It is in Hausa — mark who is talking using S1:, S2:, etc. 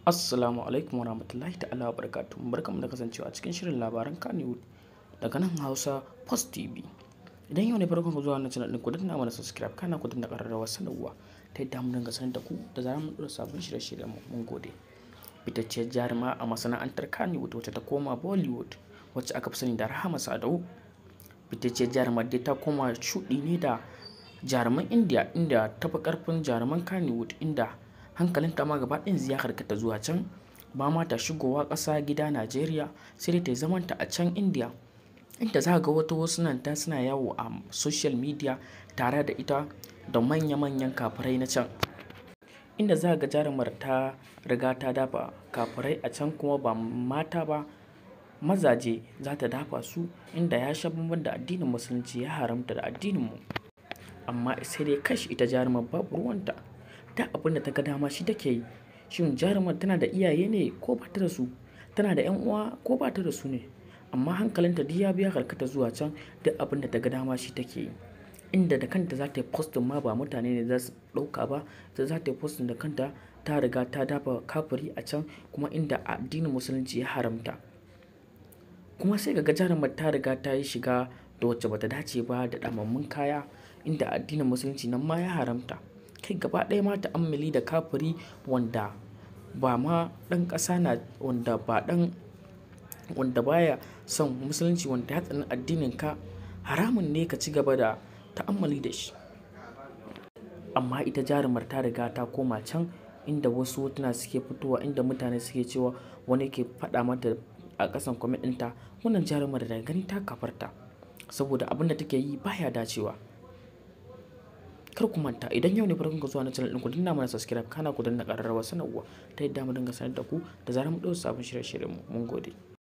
S1: Assalamu alaikum wa rahmatullahi ta'ala wa barakatuhu barkamu da kasancewa a cikin shirin labaran Kannywood daga nan Hausa Post TV. Idan yau ne farkon ku zuwa na channel din ku danna mana subscribe kana ku danna ƙararrawar sanarwa ta yadda mun dinga sanar da ku da zarar mun dora sabon shirye-shiryen mu mun gode. Fitacciyar jaruma a masana'antar Kannywood wacce ta koma Bollywood wacce aka fi sani da Rahama Sadau. Fitacciyar jarumar dai ta koma shuɗi ne da jaruman India inda ta fi ƙarfin jaruman Kannywood inda hankalinta ma gaba ɗin ziyarar ta zuwa can ba ma ta shigowa ƙasa gida najeriya sai dai ta zamanta a can india inda za ga wata wasu nan ta suna yawo a social media tare da ita da manya-manyan kafirai na can inda za ga jarumar ta riga ta dafa kafirai a can kuma ba mata ba mazaje za ta dafa su inda ya sha bambam da addinin musulunci ya haramta da addinin mu amma sai dai kashi ita jarumar babu ruwanta ta abin da ta ga dama shi take yi shin jarumar tana da iyaye ne ko ba ta da su tana da 'yan uwa ko ba ta da su ne amma hankalinta duk ya biya halkata zuwa can duk abin da ta ga dama shi take yi inda da kanta za ta yi postin ma ba mutane ne za su ɗauka ba ta za ta yi postin da kanta ta riga ta dafa kafiri a can kuma inda addinin musulunci ya haramta kuma sai ga jarumar ta riga ta yi shiga da wacce bata dace ba da ɗamammun kaya inda addinin musulunci nan ma ya haramta kai gaba ɗaya ma ta'ammali da kafiri wanda ba ma ɗan ƙasa na wanda ba ɗan wanda baya son musulunci wanda ya tsani addinin ka haramun ne ka ci gaba da ta'ammali da shi amma ita jarumar ta riga ta koma can inda wasu hotuna suke fitowa inda mutane suke cewa wani ke faɗa mata a ƙasan kwamitinta wannan jarumar da gani ta kafarta saboda abin da take yi baya dacewa kar ku manta idan yau ne farkon ka zuwa na channel din ku dinna mana subscribe kana ku danna ƙararrawa sanarwa ta yadda mu dinga sanar da ku da zarar mu dauka sabon shirye-shiryen mu mun gode